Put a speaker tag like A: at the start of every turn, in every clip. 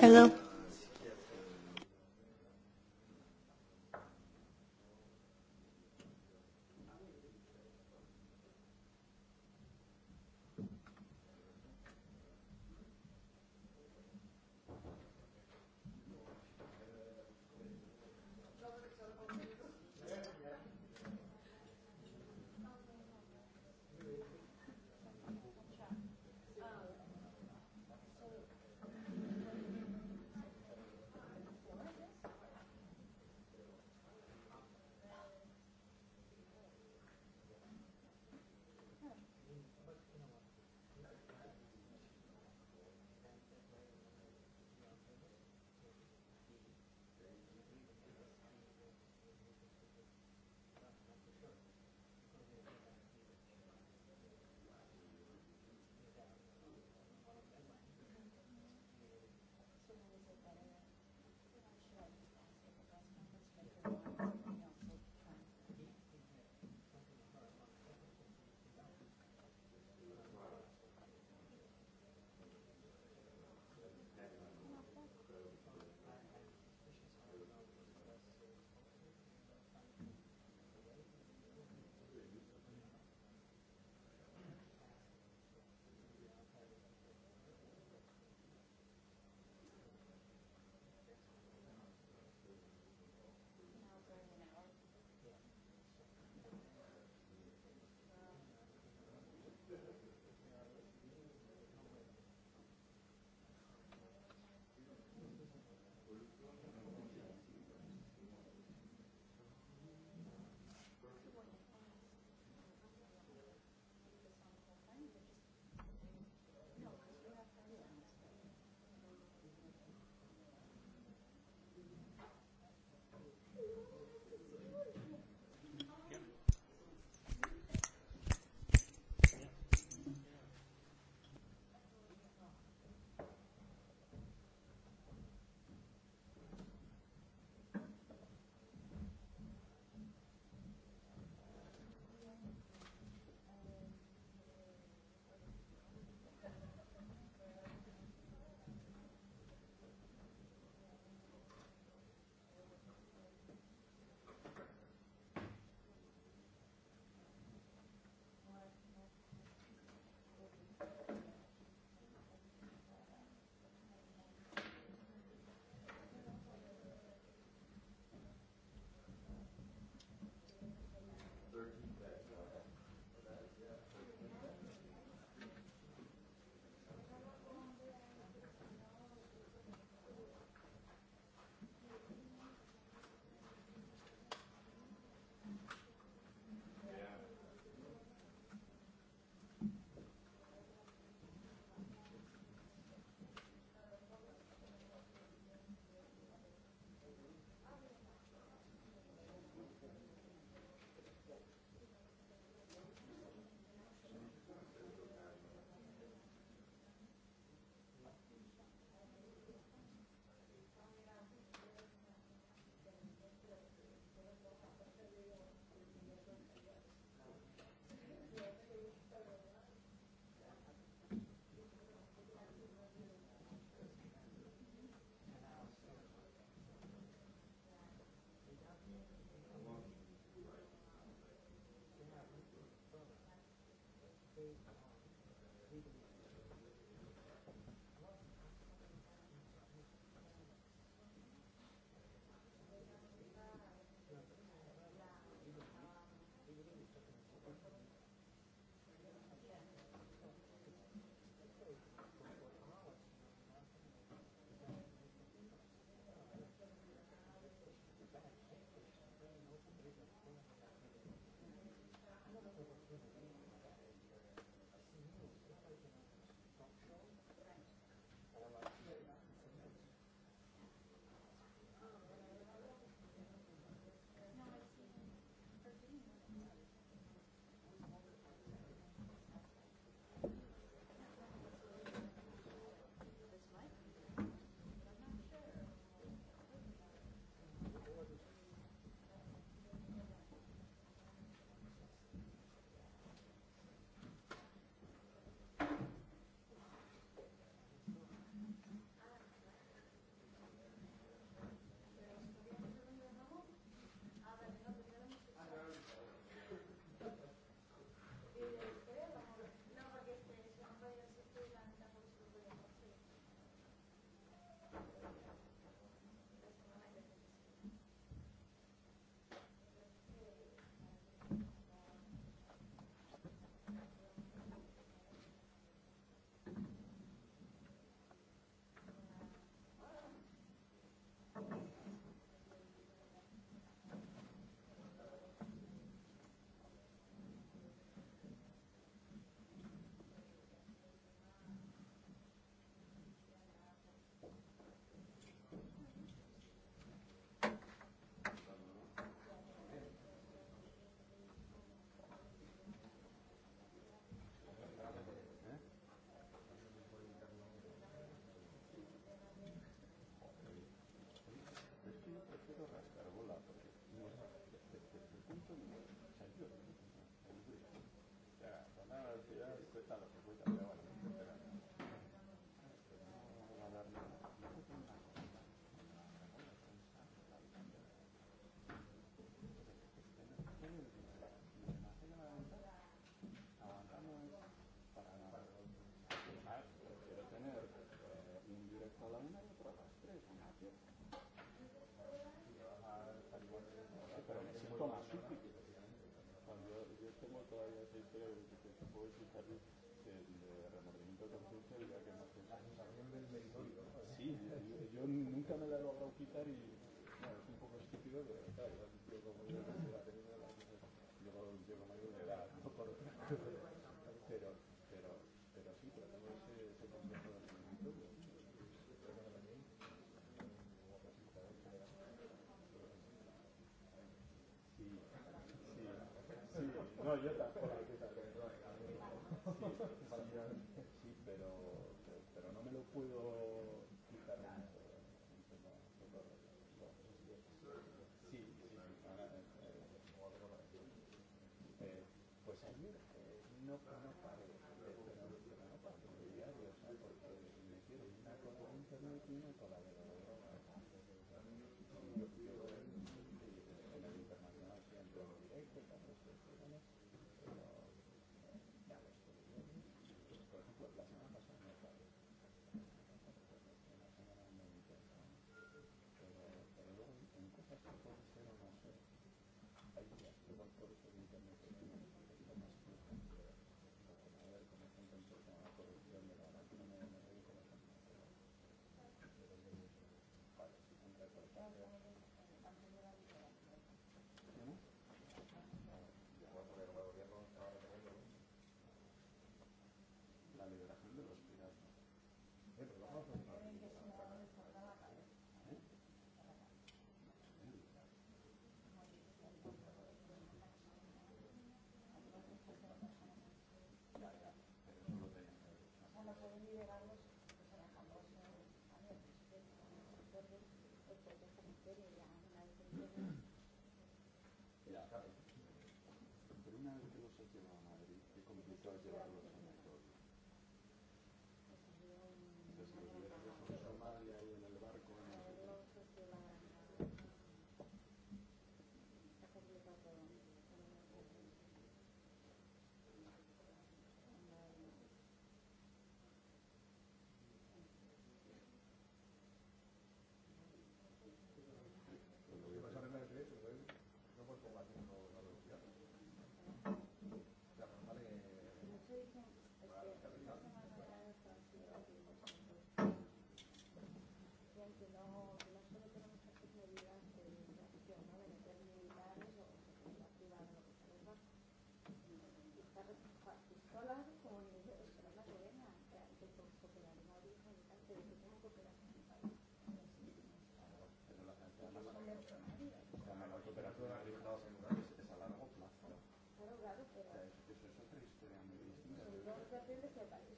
A: Hello.
B: Ministerio de Justicia puede explicarle el remordimiento tan fuerte el día que más Sí, yo, yo nunca me la he logrado quitar y bueno, es un poco estúpido, pero claro, yo un tío como yo, que la tengo de la llevo un tío como yo de edad, ¿no? Por, pero, pero, pero sí, pero tengo ese, ese complejo de rendimiento. Sí,
A: sí, sí, no, yo también. no para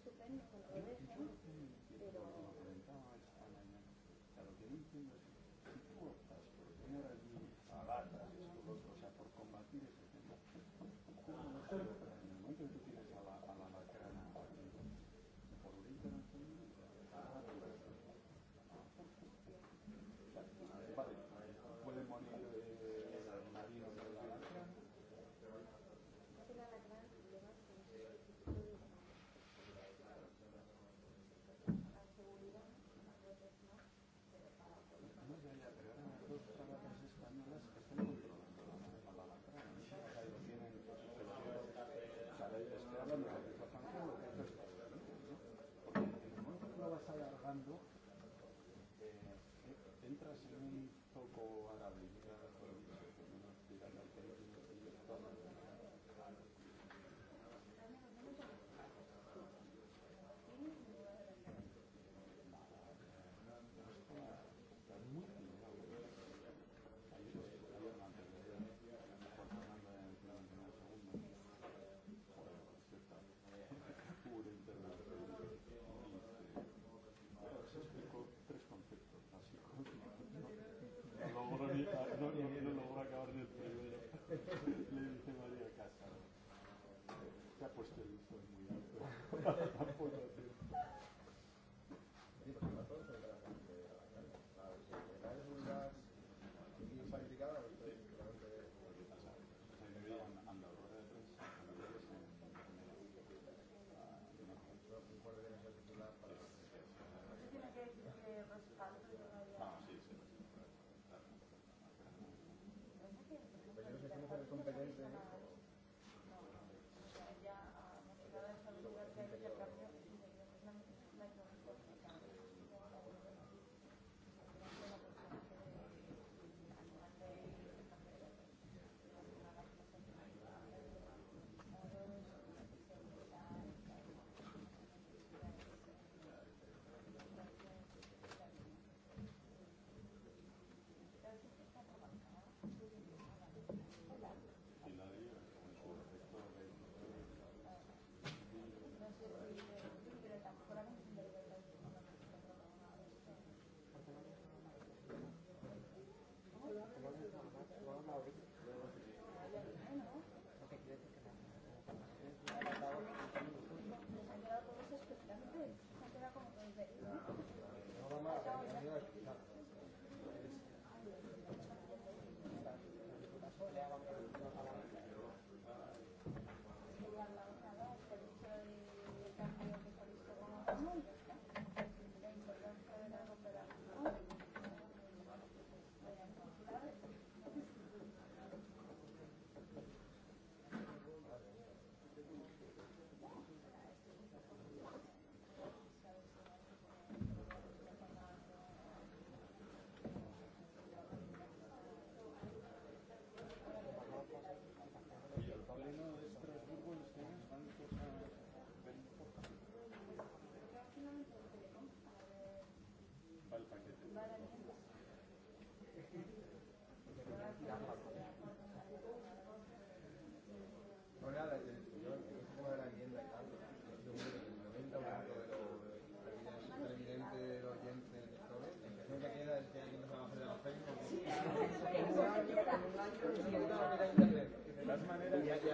A: Verwendung.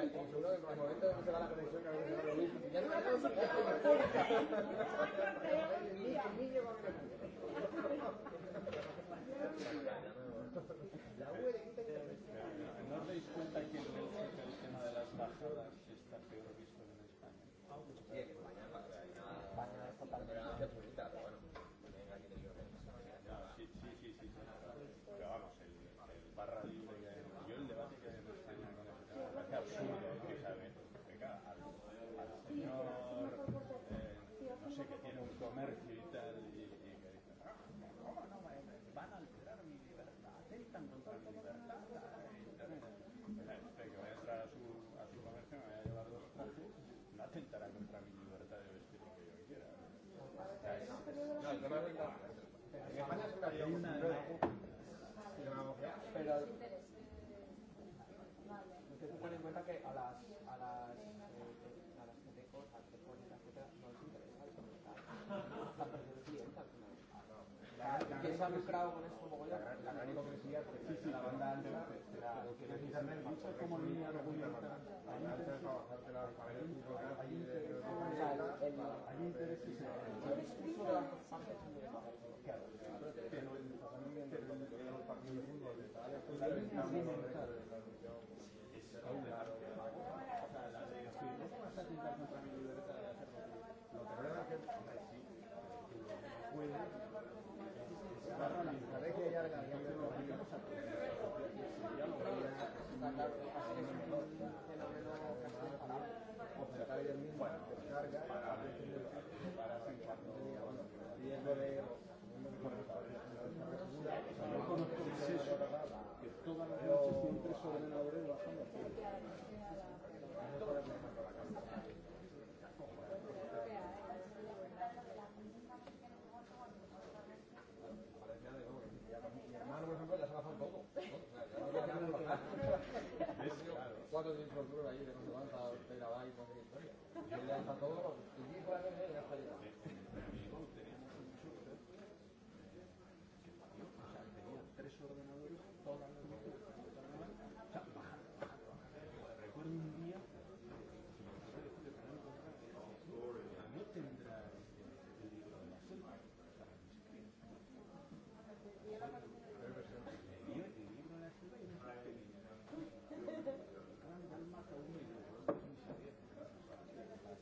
A: y como seguro que por el momento no se va la conexión, que a veces se va lo mismo. Ya no me cagado con esto mogollón. La gran hipocresía, porque sí, sí, la banda antes la
B: internet, mucho es como el niño de Julio Instagram. Allí interesa el discurso de las páginas pero el partido de fútbol de Italia
A: Salvador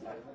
A: Thank you.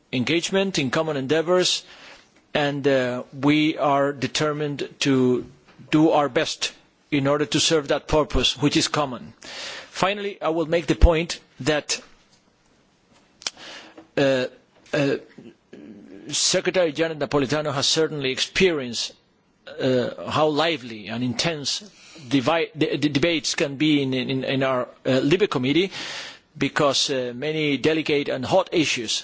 C: engagement in common endeavours and uh, we are determined to do our best in order to serve that purpose which is common. finally i will make the point that uh, uh, secretary general napolitano has certainly experienced uh, how lively and intense the, debates can be in, in, in our uh, libe committee because uh, many delicate and hot issues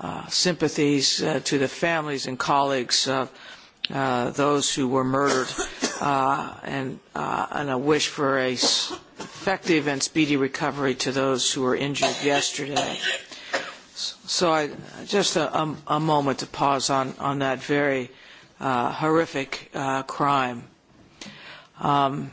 D: Uh, sympathies uh, to the families and colleagues of uh, those who were murdered uh, and, uh, and a wish for a effective and speedy recovery to those who were injured yesterday. So I, just a, a, a moment to pause on, on that very uh, horrific uh, crime. Um,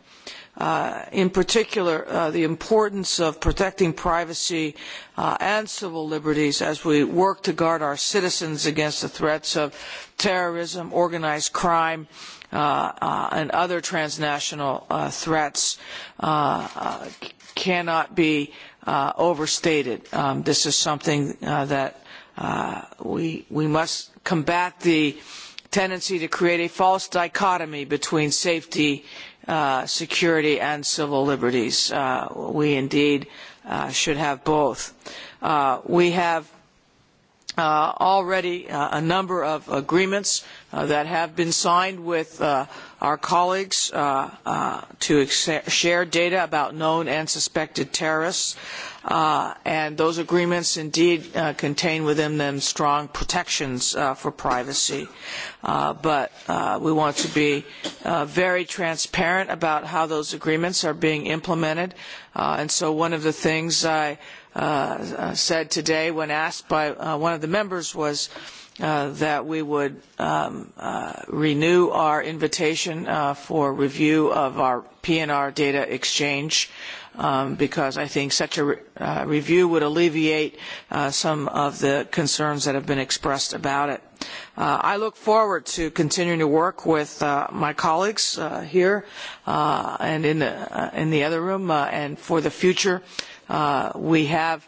D: Uh, in particular uh, the importance of protecting privacy uh, and civil liberties as we work to guard our citizens against the threats of terrorism, organized crime, uh, uh, and other transnational threats cannot be overstated. Um, this is something that we, we must combat the tendency to create a false dichotomy between safety and Uh, security and civil liberties. Uh, we indeed uh, should have both. Uh, we have uh, already uh, a number of agreements uh, Uh, that have been signed with uh, our colleagues uh, uh, to share data about known and suspected terrorists. Uh, and those agreements indeed uh, contain within them strong protections uh, for privacy. Uh, but uh, we want to be uh, very transparent about how those agreements are being implemented. Uh, and so one of the things I uh, said today when asked by uh, one of the members was, uh, Uh, that we would um, uh, renew our invitation uh, for review of our PNR data exchange um, because I think such a re uh, review would alleviate uh, some of the concerns that have been expressed about it. Uh, I look forward to continuing to work with uh, my colleagues uh, here uh, and in the, uh, in the other room uh, and for the future. Uh, we have uh,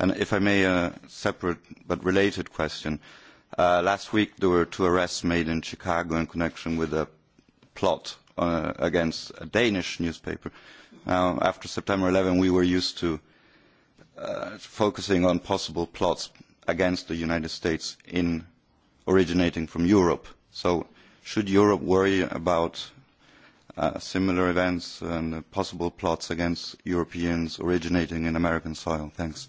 E: if I may, a separate but related question. Uh, last week there were two arrests made in Chicago in connection with a plot uh, against a Danish newspaper. after September 11, we were used to uh, focusing on possible plots against the United States in originating from Europe. So should Europe worry about uh, similar events and possible plots against Europeans originating
D: in American soil? Thanks.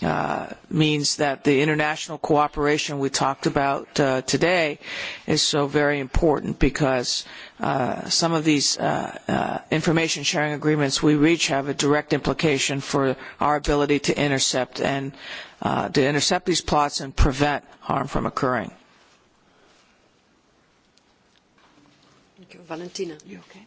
D: Uh, means that the international cooperation we talked about uh, today is so very important because uh, some of these uh, uh, information sharing agreements we reach have a direct implication for our ability to intercept and to intercept these plots and prevent harm from occurring.
F: Thank you. Valentina, you okay?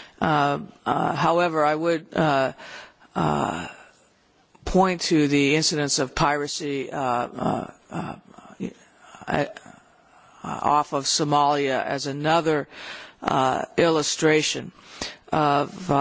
D: Uh, uh, however, I would uh, point to the incidence of piracy off of Somalia as another illustration of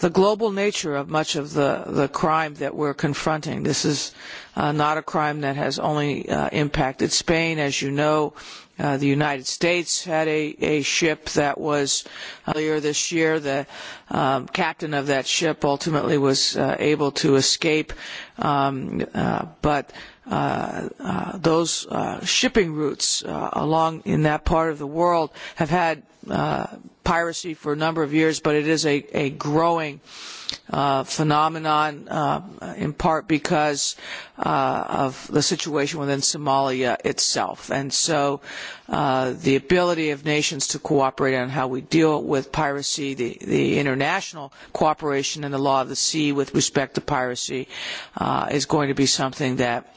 D: the global nature of much of the, the crime that we're confronting. This is uh, not a crime that has only uh, impacted Spain. As you know, uh, the United States had a, a ship that was uh, earlier this year. The um, captain of that ship ultimately was uh, able to escape, um, uh, but Uh, uh, those uh, shipping routes uh, along in that part of the world have had uh, piracy for a number of years, but it is a, a growing phenomenon in part because of the situation within Somalia itself. And so the ability of nations to cooperate on how we deal with piracy, the, the international cooperation and the law of the sea with respect to piracy is going to be something that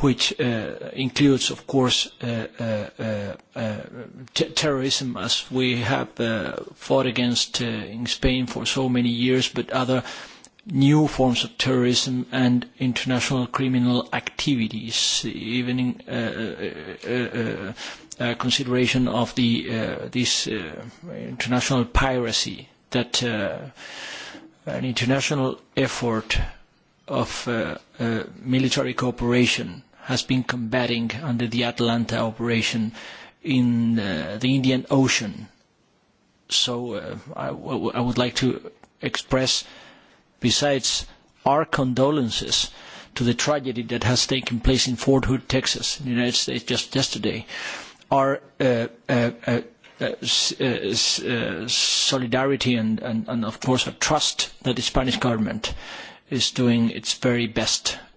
C: which uh, includes, of course, uh, uh, uh, uh terrorism, as we have uh, fought against in Spain for so many years, but other new forms of terrorism and international criminal activities, even in consideration of the this international piracy that an international effort of military cooperation has been combating under the Atlanta operation in uh, the Indian Ocean. So uh, I, I would like to express, besides our condolences to the tragedy that has taken place in Fort Hood, Texas, in the United States just yesterday, our uh, uh, uh, Uh, uh, uh, solidarity and, and, and, of course, a trust that the Spanish government is doing its very best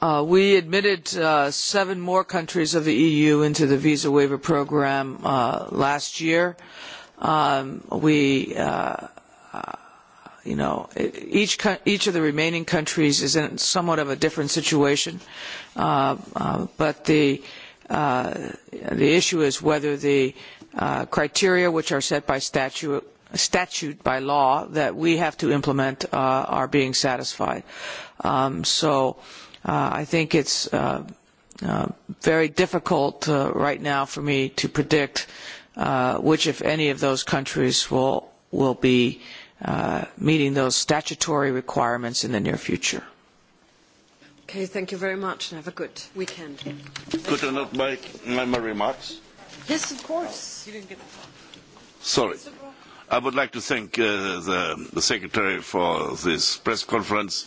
D: Uh, we admitted uh, seven more countries of the EU into the visa waiver program uh, last year. Um, we, uh, uh, you know, e, each, each of the remaining countries is in somewhat of a different situation, but the, the issue is whether the criteria which are set by statute statute by law that we have to implement are being satisfied. Um, so Uh, I think it's uh, uh, very difficult uh, right now for me to predict uh, which, if any, of those countries will will be uh, meeting those statutory requirements in the near future.
F: Okay, thank you very much, and have a good weekend.
D: Could
E: I not make my, remarks?
F: Yes, of course.
E: Sorry. I would like to thank uh, the, the Secretary for this press conference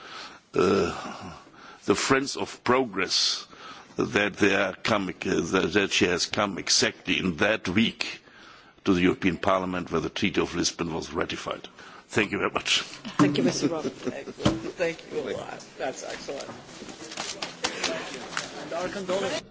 E: Uh, the friends of progress that they are coming, uh, that she has come exactly in that week to the European Parliament where the Treaty of Lisbon was ratified. Thank you very much. Thank you, Mr. Robert. Thank
D: you a lot. That's excellent. And our condolences.